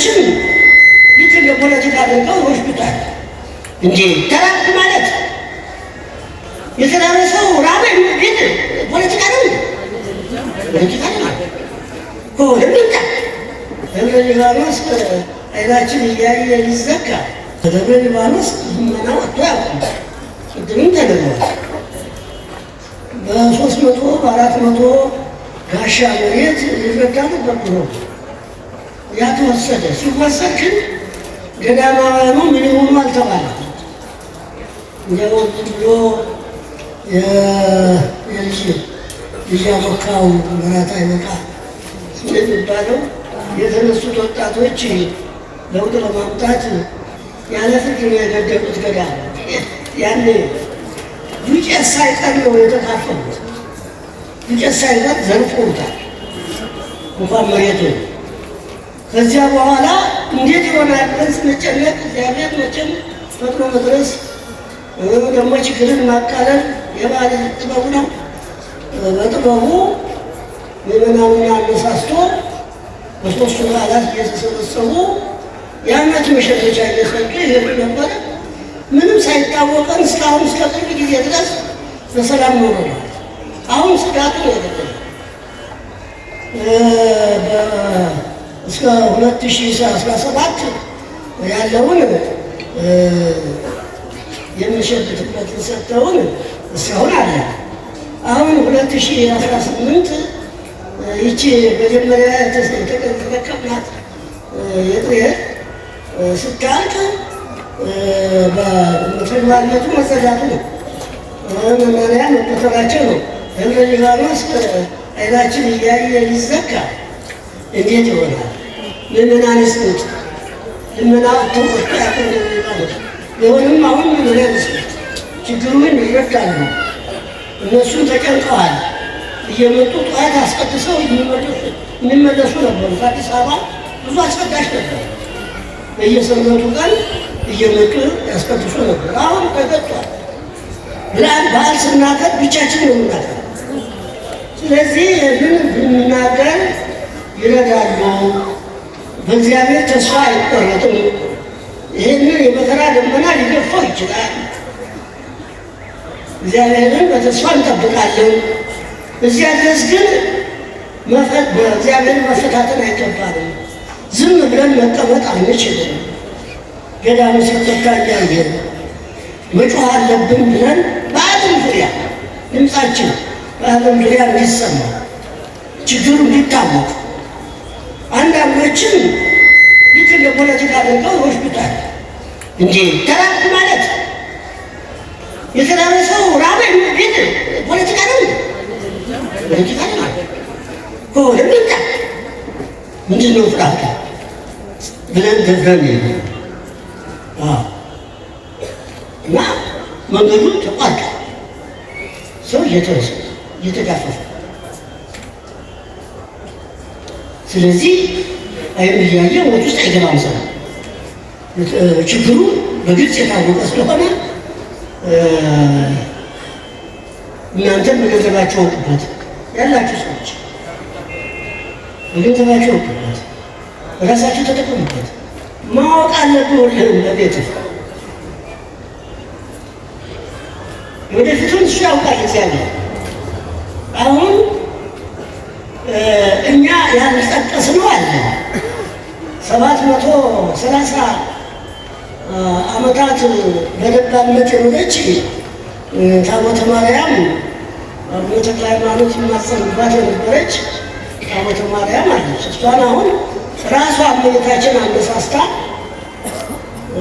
ልጆችን ልክ እንደ ፖለቲካ አድርገው ይወስዱታል። እንጂ ተራብ ማለት የተራረሰው ራበን ግን ፖለቲካ ነው። ፖለቲካ ነው ከሆነም ደብረ ሊባኖስ አይናችን እያየ ሊዘጋ ከደብረ ሊባኖስ ምና ወጥቶ ያውቁ ቅድምም ተደርጓል። በሶስት መቶ በአራት መቶ ጋሻ መሬት ሊረዳ ነበር ብሎ ያ ተወሰደ። ሲወሰድ ግን ገዳማውያኑ ምን ሆኑ አልተባለም። እንደው ብሎ የልጅ ልጅ አቦካው መራት አይመጣ እንደሚባለው የተነሱት ወጣቶች ለውጥ ለማምጣት ያለ ፍርድ ነው የገደሉት። ገዳም ያኔ ዱቄት ሳይቀር ነው የተካፈሉት። ዱቄት ሳይቀር ዘርፎታል እንኳን መሬት ከዚያ በኋላ እንዴት ይሆናል ብለን ስንጨነቅ እግዚአብሔር መቼም ፈጥኖ መድረስ ደግሞ ችግርን ማቃለል የባለ ጥበቡ ነው። በጥበቡ ምዕመናኑን አነሳስቶ በሶስቱ በዓላት እየተሰበሰቡ የአመት መሸፈቻ እየሰጡ ይሄዱ ነበረ። ምንም ሳይታወቀን እስካሁን እስከ ቅርብ ጊዜ ድረስ በሰላም ኖረናል። አሁን ስጋቱ ነው። እስከ 2017 ያለውን የምንሸጥበትን ሰጥተውን እስካሁን አለ። አሁን 2018 ይቺ መጀመሪያ የተጠቀምናት የጥሬ ስታልቅ በምትግባነቱ መጸዳቱ ነው። መመሪያ መቆጠራቸው ነው። ህብረ ሊባኖስ አይናችን እያየ ሊዘጋ እንዴት ይሆናል? ልመና ነስቶት ልመና እቶ ማለት ይሁንም አሁን ልመና ነስቶት ችግሩን ይረዳሉ። እነሱ ተጨንቀዋል። እየመጡ ጠዋት አስቀድሰው የሚመለሱ ነበሩ። አዲስ አበባ ብዙ አስቀዳሽ ነበር። በየሰንበቱ ቀን እየመጡ ያስቀድሱ ነበር። አሁን ተገጧል። ብላን በዓል ስናከር ብቻችን ነው የምናከር። ስለዚህ ምን ብንናገር ይረዳሉ። በእግዚአብሔር ተስፋ አይቆረጥም ይህን የመከራ ደመና ሊገፋው ይችላል። እግዚአብሔርን በተስፋ እንጠብቃለን። እዚያ ድረስ ግን በእግዚአብሔር መፈታተን አይገባልም። ዝም ብለን መቀመጥ አንችልም። ገዳሙ ሲተካ እያየን መጮህ አለብን ብለን በዓለም ዙሪያ ድምፃችን በዓለም ዙሪያ እንዲሰማ ችግሩ እንዲታወቅ አንዳንዶችን ልክ እንደ ፖለቲካ አድርገው ይወስዱታል። እንጂ ማለት የተራበ ሰው ራበኝ ግን ፖለቲካ ነው ፖለቲካ ነው ከሆነ ምንድን ነው ብለን እና መንገዱ ተቋርጧል። ሰው እየተረሰ እየተጋፈፈ ስለዚህ እያየ ወጥ ውስጥ አይገባም ችግሩ በግልጽ የታወቀ ስለሆነ እናንተም በገንዘባችሁ አውቁበት፣ ያላችሁ ሰዎች በገንዘባችሁ አውቁበት፣ በራሳችሁ ተጠቀሙበት። ማወቅ አለብህ ወልህን ወደፊቱን እሱ ያውቃል እግዚአብሔር አሁን እኛ ያልጠቀስ ነው አለ ሰባት መቶ ሰላሳ ዓመታት በደባነት የኖረች ታቦተ ማርያም ተክለ ሃይማኖት የማጸንባት የነበረች ታቦተ ማርያም አለች። እሷን አሁን ራሷ እመቤታችን አነሳስታ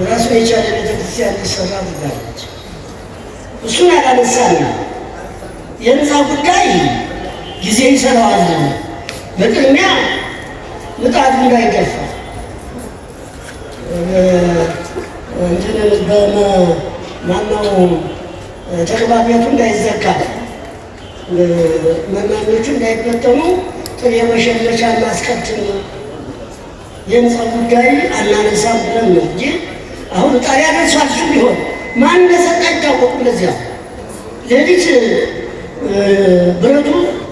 ራሱ የቻለ ቤተክርስቲያን ሊሰራ ትጋለች። እሱን አላነሳና የህንፃ ጉዳይ ጊዜ ይሰራዋል። በቅድሚያ ምጣድ እንዳይደፋ ማነው ተቅባ ቤቱ እንዳይዘጋ መናኞቹ እንዳይበጠሙ ጥሬ መሸለቻ እናስቀድም። የህንፃ ጉዳይ አናነሳም ብለን ነው እንጂ አሁን ጣሪያ ደርሷል። ደርሷችሁ ቢሆን ማን እንደሰጠ አይታወቅም። ለዚያ ሌሊት ብረቱ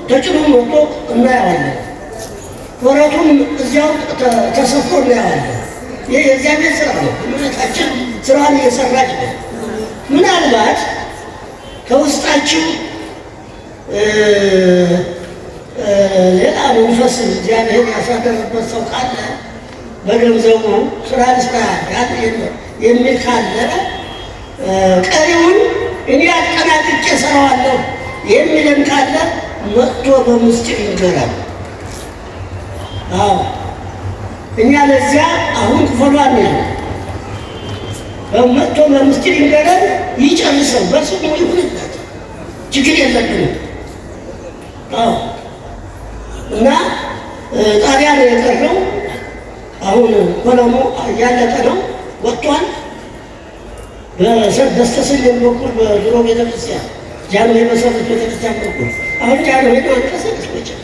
ተጭኖም ወጥቶ እናየዋለን። ወረቱን እዚያው ተሰፍቶ እናየዋለን። ይህ የእግዚአብሔር ስራ ነው። እመቤታችን ስራዋን እየሰራች ነው። ምናልባት ከውስጣችን ሌላ መንፈስ እግዚአብሔር ያሳደረበት ሰው ካለ በገንዘቡ ስራ ስራ የሚል ካለ ቀሪውን እኔ አጠናቅቄ ሰራዋለሁ የሚለን ካለ ወጥቶ በምስጢር ይንገራል። እኛ ለዚያ አሁን ክፈሏን ያለ ወጥቶ በምስጢር ይንገራል። ይጨርሰው በስሙ ይሁንበት፣ ችግር የለብንም እና ጣሪያ ነው የቀረው። አሁን ኮለሙ እያለቀ ነው ወጥቷል። በሰብ በስተሰሜን በኩል በድሮ ቤተክርስቲያን ጃንሆይ መሰረት ቤተክርስቲያን በኩል አሁን ያገበ ቀሰቀስ ይቻል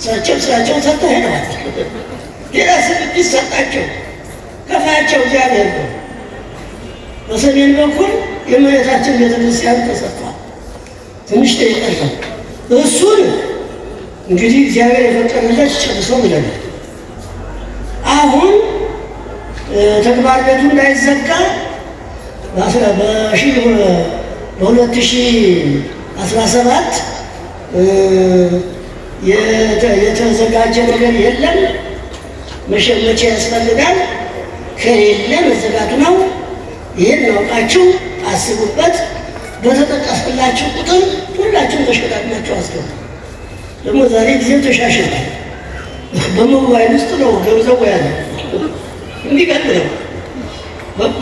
እሳቸው ስራቸውን ሰጥተው ሄደዋል። ሌላ ስም እንዲሰጣቸው ከፋያቸው እግዚአብሔር ነው። በሰሜን በኩል የእመቤታችን ቤተክርስቲያን ተሰጥቷል። ትንሽ ተይቀርታል። እሱን እንግዲህ እግዚአብሔር የፈቀደለት ጨርሶ ብለናል። አሁን ተግባር ቤቱ እንዳይዘጋ በሁለት ሺህ አስራ ሰባት የተዘጋጀ ነገር የለም። መሸመቻ ያስፈልጋል። ከሌለ መዘጋቱ ነው። ይህን አውቃችሁ አስቡበት። በተጠቀስላችሁ ቁጥር ሁላችሁም ተሸቃቅላችሁ አስገቡ። ደግሞ ዛሬ ጊዜው ተሻሽሏል። በሞባይል ውስጥ ነው ገንዘቡ ያለ እንዲቀጥለው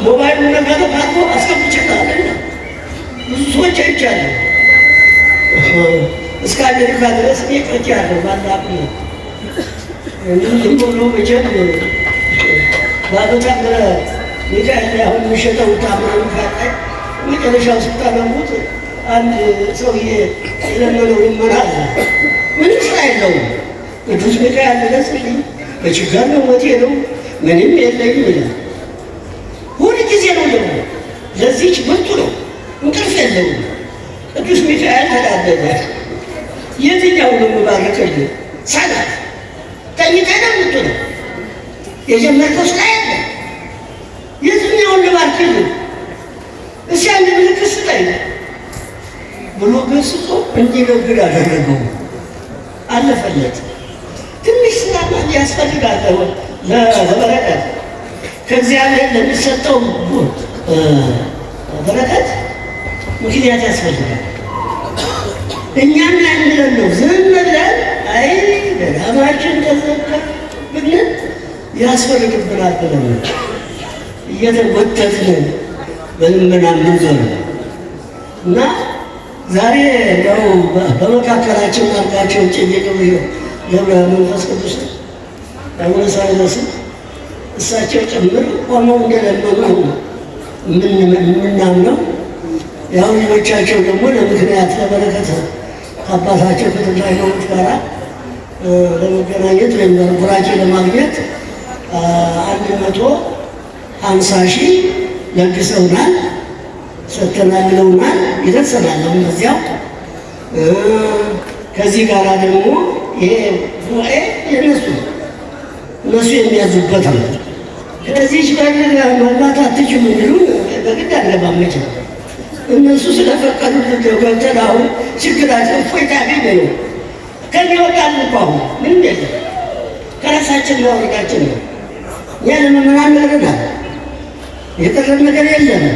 ሞባይሉ ነጋተ ባቶ አስገብቼ ብዙ ሰዎች አይቻለሁ። እስከ አሜሪካ ድረስ እኔ ቀጭ ያለሁ ባላፍ ሆኖ መቼም ባዶ ታምረ ጌታ አሁን የሚሸጠው ታምረ ፋጣይ መጨረሻው ስታለሙት አንድ ሰውዬ የለመደው ልመና አለ። ምንም ስራ የለውም። ቅዱስ ሚካኤል ያለለስልኝ በችግር ነው ሞቴ ነው ምንም የለኝም ይላል። ሁል ጊዜ ነው ደግሞ ለዚህች መጡ ነው እንቅልፍ የለውም። ቅዱስ ሚካኤል ተዳደለ ምንድን ያሁሉ ባርከል ሰላት ተኝተህ ነው የምትውለው። የጀመርከው ስራ ያለ የትኛውን ልባርክል እስኪ አንድ ምልክት ስጠኝ ብሎ ገስጾ እንዲነግድ አደረገው። አለፈለት። ትንሽ ስራ ያስፈልጋል ለበረከት ከእግዚአብሔር ለሚሰጠው በረከት ምክንያት ያስፈልጋል። እኛም ላይ ብለን ነው ዝም ብለን አይ ለራሳችን ተዘካ ብለን ያስፈልግብናል ብለን እየተወተትን በልመናል ምንዘ ነው እና ዛሬ ነው በመካከላችን አርቃቸው ጭጌ ገብረ መንፈስ ቅዱስ አቡነ ሳይረስ እሳቸው ጭምር ቆመው እንደለመኑ የምናምነው ያው ልጆቻቸው ደግሞ ለምክንያት ለበረከት አባታቸው ከትግራይ ሃይማኖት ጋር ለመገናኘት ወይም ጉራጌ ለማግኘት አንድ መቶ ሀምሳ ሺህ ለግሰውናል፣ ሰተናግለውናል፣ ብለውናል። ይደርሰናል አሁን በዚያው ከዚህ ጋር ደግሞ ይሄ የነሱ እነሱ የሚያዙበት ነው። ከዚህ ሽ መግባት አትችሉ እንዲሉ በግድ አለባመች ነው እነሱ ስለፈቀዱት እንደው ገብተን አሁን ችግራቸው እፎይታ ገኘ ነው። ከሚወጣል እንኳ አሁን ምንም ከራሳችን ማውረዳችን ነው። እኛ ለመምህራን ነገር የለም።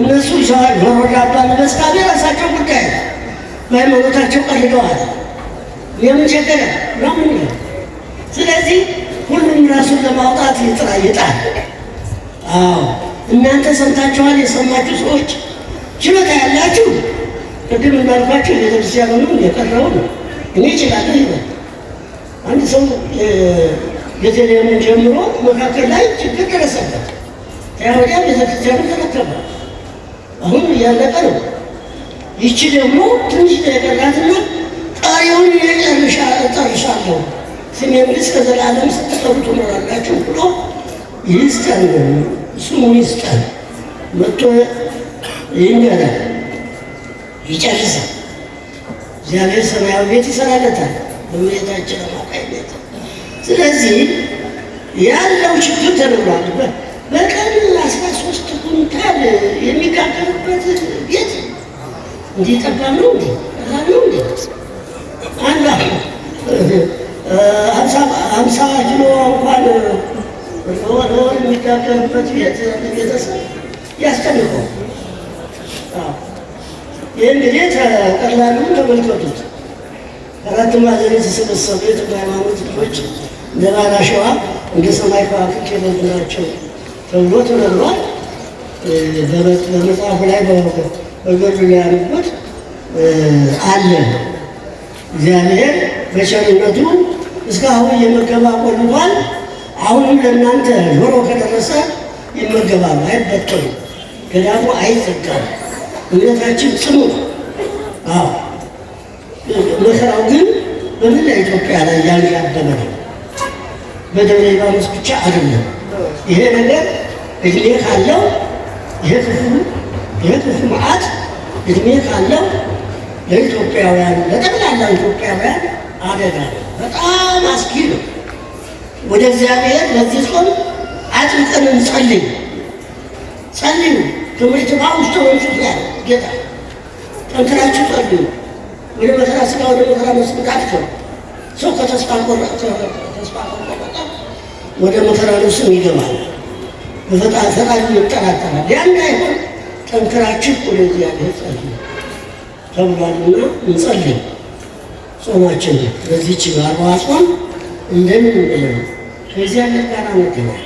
እነሱ ሰዋል መረዳባ ለመስካቢ የራሳቸው ጉዳይ ሃይማኖታቸው ቀልደዋል። የምን ቸገረ ነው? ስለዚህ ሁሉም ራሱን ለማውጣት ይጥራ ይጣል። አዎ እናንተ ሰምታችኋል። የሰማችሁ ሰዎች ችሎታ ያላችሁ ቅድም እንዳልኳቸው የቤተክርስቲያን ምንም የቀረው ነው። እኔ እችላለሁ ይላል። አንድ ሰው ቤተልሔምን ጀምሮ መካከል ላይ ችግር ደረሰበት። ያወዲያ ቤተክርስቲያኑ ተረከበ። አሁን እያለቀ ነው። ይቺ ደግሞ ትንሽ የቀራትና ጣሪውን ጨርሻ እጨርሻለሁ ስሜ ምልስ ከዘላለም ስትጠሩ ትኖራላችሁ ብሎ ይስጠን፣ ስሙ ይስጠን መቶ ይህን ይጨርሳል። እግዚአብሔር ሰማያዊ ቤት ይሰራለታል በእመቤታችን አማካኝነት። ስለዚህ ያለው ችግር ተነግሯል። በቀን አስራ ሶስት ኩንታል የሚጋገሩበት ቤት እንዲህ ጠባብ ነው እንዴ? ቀላል ነው እንዴ? አንድ ሀምሳ ኪሎ እንኳን ለወር የሚጋገርበት ቤት ቤተሰብ ያስጨንቀው ይህን እንግዲህ ጠቅላሉን ተመልከቱት። አራት ማዕዘን የተሰበሰቡ የትግል ሃይማኖት ልጆች እንደ ለባህር አሸዋ እንደ ሰማይ ከዋክብት የሌሉ ተብሎ ተነግሯል። በመጽሐፉ ላይ በገዱ ያሉት አለ። እግዚአብሔር በቸርነቱ እስካሁን እየመገባ ቆልቷል። አሁንም ለእናንተ ዶሮ ከደረሰ ይመገባሉ፣ አይበጠሉ፣ ገዳሙ አይዘጋም። እምነታችን ጽኑ ነው። መከራው ግን በመላ ኢትዮጵያ ላይ ያንዣበበ ነው። በደብረ ሊባኖስ ብቻ አይደለም። ይሄ ነገር እድሜ ካለው ይሄ ክፉ ይሄ ክፉ መዓት እድሜ ካለው ለኢትዮጵያውያን ለጠቅላላ ኢትዮጵያውያን አደጋ በጣም አስጊ ነው። ወደ እግዚአብሔር ለዚህ ጾም አጥብቀን እንጸልይ ጸልዩ በምጅትማ ውስጥ ወንጭት ጌታ ጠንክራችሁ ጸልዩ። ወደ መከራ ስጋ ወደ መከራ መስብቅ አትፈሩ። ሰው ከተስፋ ቆረጠ ወደ መከራ ውስጥ ይገባል። በፈጣሪ ይጠራጠራል። ያን አይሆን ጠንክራችሁ ወደ እግዚአብሔር ጸልዩ ተብሏልና እንጸልይ። ጾማችን በዚህች አርባ ጾም እንደምንለው ከእግዚአብሔር ጋር መገናኘት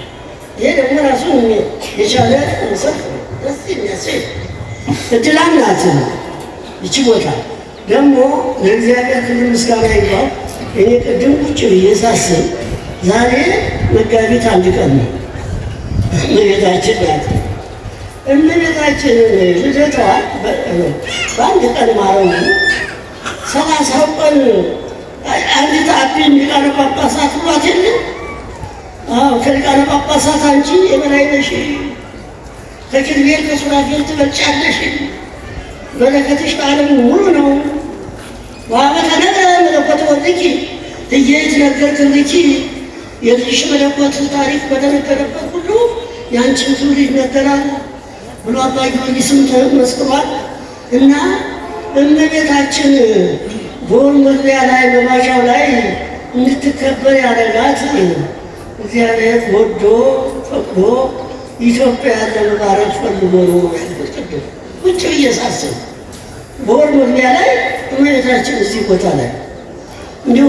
ይሄ ደግሞ ራሱ የቻለ እንሰጥ ደስ የሚያሰኝ እድል አላት ይቺ ቦታ ደግሞ ለእግዚአብሔር ክልል ምስጋና ይባል። እኔ ቅድም ቁጭ ብዬ ሳስብ ዛሬ መጋቢት አንድ ቀን ነው። እመቤታችን ናት። እመቤታችን ልደቷ በአንድ ቀን ማረው ሰላሳው ቀን አንዲት አቢ ሊቃነ ጳጳሳት ብሏት የለ ከሊቃነ ጳጳሳት አንቺ የበላይ ነሽ ከኪሩቤል ከሱራፌል ትመጫለሽ። መለከትሽ በዓለም ሙሉ ነው። ዋመ ተነግረ መለኮት ወርቂ እየት ነገር ትንኪ የልጅሽ መለኮት ታሪክ በተነገረበት ሁሉ የአንቺን ትውልድ ይነገራል ብሎ አባ ጊዮርጊስም መስክሯል። እና እመቤታችን በወር መግቢያ ላይ በማሻው ላይ እንድትከበር ያደረጋት እግዚአብሔር ወዶ ፈቅዶ ኢትዮጵያ ለመባረክ ፈልጎ ነው ያልተቀደም ውጭ እየሳሰብ በወር መግቢያ ላይ እመቤታችን እዚህ ቦታ ላይ እንዲሁ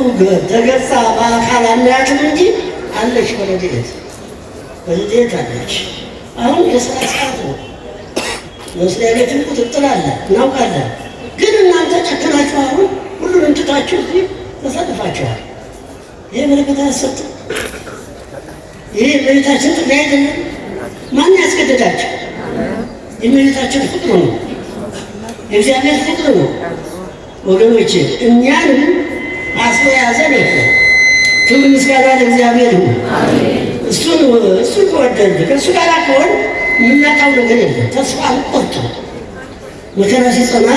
ተገጻ በአካል አናያትም እንጂ አለች በረድኤት በረድኤት አለች። አሁን የስራ ሰዓት ነው። መስሪያ ቤትን ቁጥጥር አለ እናውቃለን። ግን እናንተ ጨክናችሁ አሁን ሁሉንም እንትታችሁ እዚህ ተሰልፋችኋል። ይህ ምልክት አያሰጥም። ይህ እመቤታችን ጥሪ አይደለም። ማን ያስገደዳቸው? የእመቤታችን ፍቅሩ ነው። የእግዚአብሔር ፍቅሩ ነው። ወገኖች እኛንም አስሮ ያዘን ክብር ምስጋና ለእግዚአብሔር ነው። እሱን እሱ ከወደድ ከእሱ ጋር ከሆን የምናጣው ነገር የለ። ተስፋ ቆርቶ መከራ ሲጸና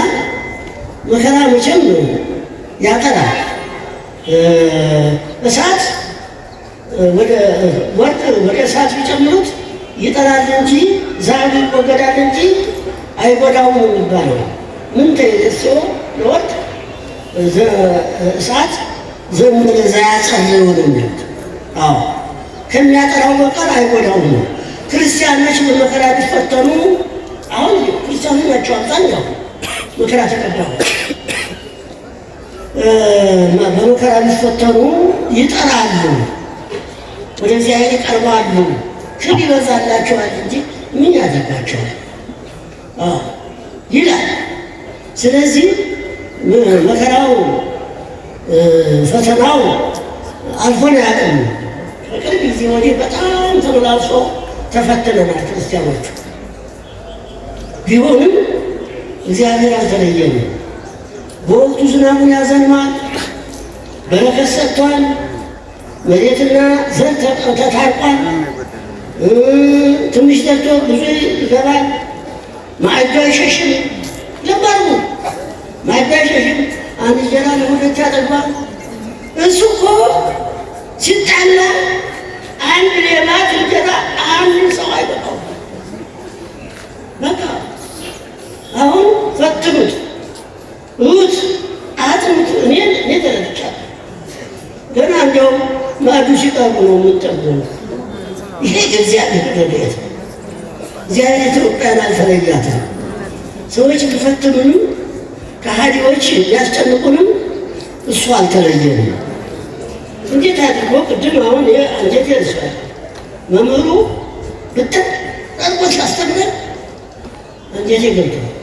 መከራ መቼም ያጠራል። እሳት ወደ ወርቅ ወደ እሳት ቢጨምሩት ይጠላል እንጂ ዛሬ ይወገዳል እንጂ አይጎዳውም ነው የሚባለው። ምን ተይዘሶ ለወርቅ እሳት ዘምር ዘያጸልው ነው የሚሉት። አዎ ከሚያጠራው በቀር አይጎዳውም ነው። ክርስቲያኖች በመከራ ቢፈተኑ አሁን ክርስቲያኑ ናቸው አብዛኛው መከራ ተቀባው በመከራ ቢፈተኑ ይጠራሉ፣ ወደዚህ አይነት ይቀርባሉ ክል ይበዛላችኋል እንጂ ምን ያደርጋችኋል ይላል። ስለዚህ መከራው ፈተናው አልፎን አያውቅም። በቅርብ ጊዜ ወዲህ በጣም ተመላልሶ ተፈትነናል ክርስቲያኖቹ። ቢሆንም እግዚአብሔር አልተለየንም። በወቅቱ ዝናቡን ያዘንማል፣ በረከት ሰጥቷል፣ መሬትና ዘር ተታርቋል። ትንሽ ደርቶ ብዙ ይፈራል። ማዕዱ አይሸሽም። ማዕዱ አይሸሽም። አንድ እንጀራ ለሁለት ያጠግባል። እሱ እኮ ሲጣላ አንድ ሌባት እንጀራ አንድ ሰው አይበቃው። በቃ አሁን ፈትኑት፣ እዩት፣ አጥኑት። እኔ እኔ ተረድቻለሁ። ገና ማዕዱ ሲቀርቡ ነው የምጠብነው ይሄ የእግዚአብሔር ረድኤት ነው። እግዚአብሔር ኢትዮጵያን አልተለያትም። ሰዎች ሊፈትኑንም ከሃዲዎች ሊያስጨንቁንም እሱ አልተለየንም። እንዴት አድርጎ ቅድም አሁን አንጀት ያልሷል መምህሩ ብጥር አድርጎት ላስተምረን አንጀቴ ገብቷል።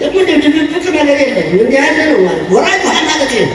ደግሞ ድብብቅ ነገር የለም እንዲህ ያለ ነው ማለት ወራጅ ውሃ ማለት ነው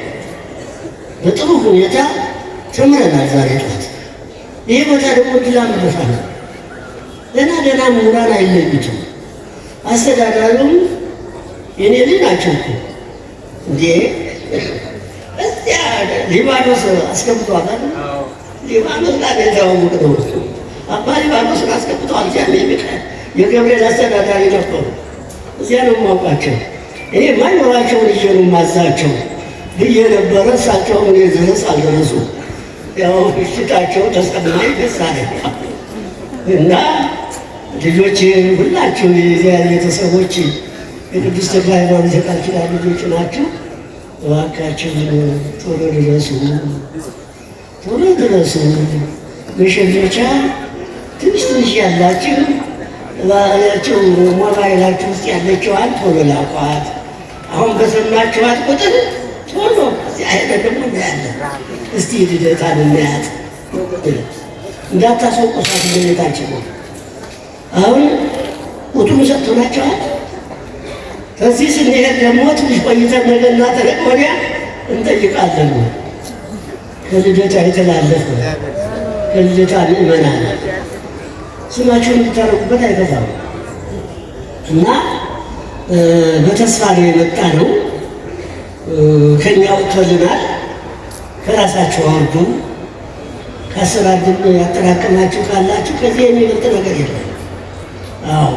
በጥሩ ሁኔታ ተምረናል። ዛሬ ጠዋት ይሄ ቦታ ደግሞ ድላም ቦታ ነው። ደህና ደህና ምሁራን አይለዩትም። አስተዳዳሪውም የኔ ልጅ ናቸው እኮ እንዴ እዚያ ሊባኖስ አስገብቷል። ሊባኖስ ላይ ገዛው ውስጡ አባ ሊባኖስ አስገብቷል። የገብርኤል አስተዳዳሪ ነበሩ። እዚያ ነው የማውቃቸው። እኔ ማይኖራቸውን እየኑ ማዛቸው ብዬ ነበረ። እሳቸው እኔ ድረስ አልደረሱ። ያው ግጭታቸው ተሰማ ደስ እና ልጆች ሁላችሁ የዚያ ቤተሰቦች የቅዱስ ተክለ ሃይማኖት ኪዳን ልጆች ናችሁ። እባካችሁን ቶሎ ድረሱ፣ ቶሎ ድረሱ። መሸለቻ ትንሽ ትንሽ ያላችሁ ባላችሁ ሞባይላችሁ ውስጥ ያለችዋን ቶሎ ላኳት። አሁን በሰማችኋት ቁጥር ቶሎ አይነ ደግሞ እስቲ ልደታ ልናያት አሁን ቁጥሩ ሰጥቶናቸዋል። ከዚህ ስንሄድ ደግሞ ትንሽ ቆይተን ነገ እና ተለቅ ወዲያ እንጠይቃለን። ከልደታ የተላለፈ ከልደታ ምእመናን ስማችሁን እና በተስፋ ነው የመጣ ነው። ከኛ ወጥቶልናል። ከራሳችሁ አውርዱ። ከስራ ግን ያጠራቀማችሁ ካላችሁ ከዚህ የሚበልጥ ነገር የለም። አዎ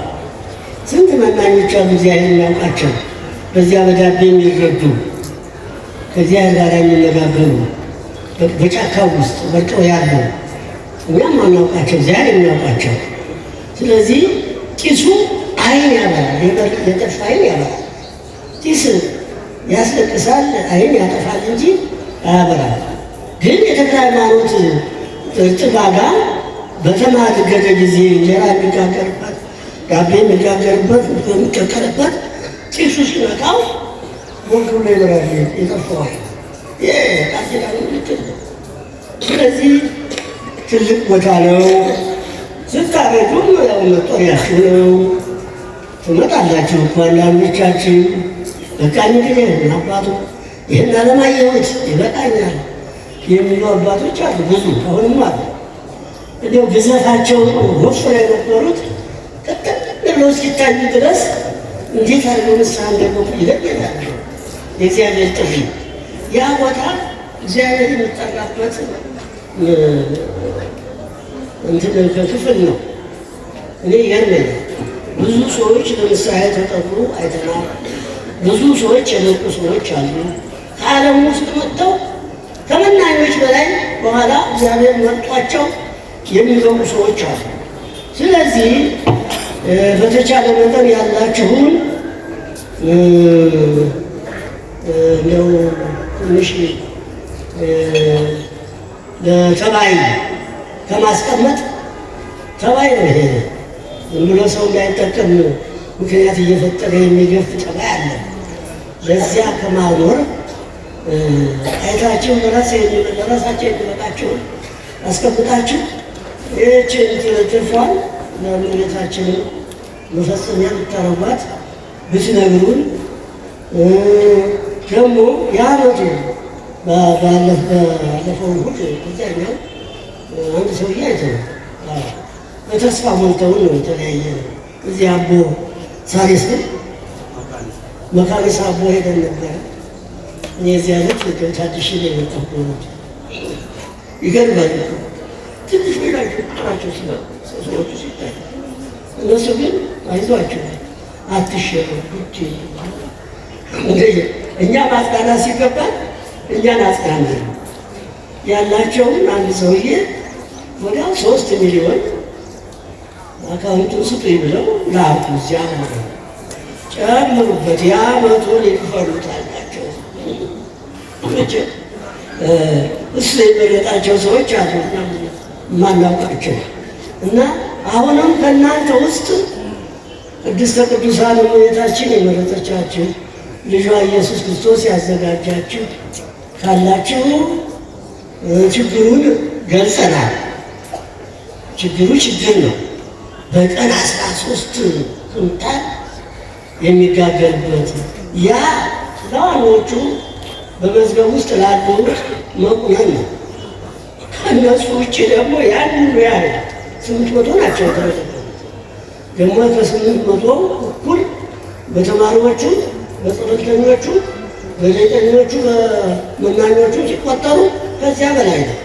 ስንት መናኞች አሉ እግዚአብሔር የሚያውቃቸው በዚያ በዳቤ የሚረዱ ከዚያ ጋር የሚነጋገሩ በጫካው ውስጥ ወርቀው ያሉ እኛም አናውቃቸው እግዚአብሔር የሚያውቃቸው። ስለዚህ ጢሱ አይን ያበራል፣ የጠፋ አይን ያበራል ጢስ ያስለቅሳል፣ አይን ያጠፋል እንጂ አያበራል። ግን የተክለ ሃይማኖት ጥባጋ ገደ ጊዜ እንጀራ የሚጋገርበት ዳቤ የሚጋገርበት የሚቀቀልበት ጢሱ ሲመጣው ወግ ብሎ ይበራል፣ ይጠፋዋል። ስለዚህ ትልቅ ቦታ ነው። ስታረጁም ያው መጦሪያችሁ ነው። ትመጣላችሁ እኮ አንዳንዶቻችን በቃኝ ጊዜ አባቱ ይህን አለማየሁት ይበቃኛል የሚሉ አባቶች አሉ፣ ብዙ አሁንም አሉ። እንዲያው ግዘታቸው ወፍረው የነበሩት ቅጥል ብሎ እስኪታዩ ድረስ እንዴት አድርገው ንስሐ እንደገቡ ይለየላቸው የእግዚአብሔር ጥሪ። ያ ቦታ እግዚአብሔር የሚጠራበት እንትን ክፍል ነው። እኔ ያለኝ ብዙ ሰዎች ለምሳሌ ተጠሩ አይተናል። ብዙ ሰዎች የነቁ ሰዎች አሉ። ከዓለም ውስጥ መጥተው ከመናኞች በላይ በኋላ እግዚአብሔር መርጧቸው የሚገቡ ሰዎች አሉ። ስለዚህ በተቻለ መጠን ያላችሁን እንደው ትንሽ ለተባይ ከማስቀመጥ ተባይ ነው ይሄ የምለው ሰው እንዳይጠቀም ምክንያት እየፈጠረ የሚገፍ ተባይ አለን። በዚያ ከማኖር አይታችሁ ለራሳቸው የሚበቃችሁ አስቀምጣችሁ ይህች ትርፏን ለእመቤታችንን መፈጸሚያ ልታረጓት ብትነግሩን ደግሞ የአመቱ ባለፈው እሑድ በዚያኛው አንድ ሰውዬ አይተነው በተስፋ ሞልተውን ነው የተለያየ እዚህ አቦ ሳሪስ መካሪ ሳቦ ሄደን ነበር። እኔ እዚህ አይነት ነገር ታድሽ የመጣሁ ሆነ ይገርማል። ትንሽ ሌላ ይፈጥራቸው ስለ ሰዎቹ ሲታይ እነሱ ግን አይዟቸው አትሸሩ ውጭ እንግዲህ እኛ ማጽናና ሲገባል እኛን አጽናና ያላቸውን አንድ ሰውዬ ወዲያው ሶስት ሚሊዮን አካውንቱን ስጡኝ ብለው ላኩ እዚያ ማለት ነው ጨምሩበት። የአመቱን ይክፈሉታላቸው። እሱ የመረጣቸው ሰዎች አሉ የማናውቃቸው እና አሁንም ከእናንተ ውስጥ ቅድስተ ቅዱሳን እመቤታችን የመረጠቻችሁ ልጇ ኢየሱስ ክርስቶስ ያዘጋጃችሁ ካላችሁ ችግሩን ገልጸናል። ችግሩ ችግር ነው። በቀን አስራ ሶስት ኩንታል የሚጋገርበት ያ ለዋናዎቹ በመዝገብ ውስጥ ላሉት መቁነን ነው። ከእነሱ ውጭ ደግሞ ያን ሁሉ ያህል ስምንት መቶ ናቸው። ደግሞ ከስምንት መቶ እኩል በተማሪዎቹ፣ በጸበልተኞቹ፣ በዘይተኞቹ፣ በመናኞቹ ሲቆጠሩ ከዚያ በላይ ነው።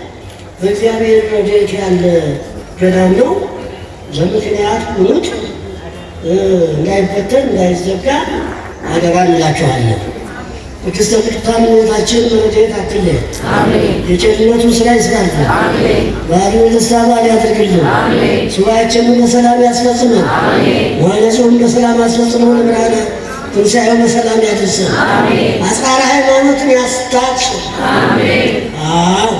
በእግዚአብሔር ረድኤት ያለ ገዳም ነው። በምክንያት ውጥ እንዳይፈተን እንዳይዘጋ አደራ እንላችኋለን። ቅድስተ ቅዱሳን እመቤታችን ረድኤት አክልል የቸርነቱ ስራ ይስራልን። ባህሪ ደስታ በዓል ያድርግልን። ሱባኤያችንን በሰላም ያስፈጽመን። ዋለ በሰላም አስፈጽሞ ለብርሃነ ትንሣኤው በሰላም ያድርሰን። አጽራረ ሃይማኖትን ያስታጥቅ። አዎ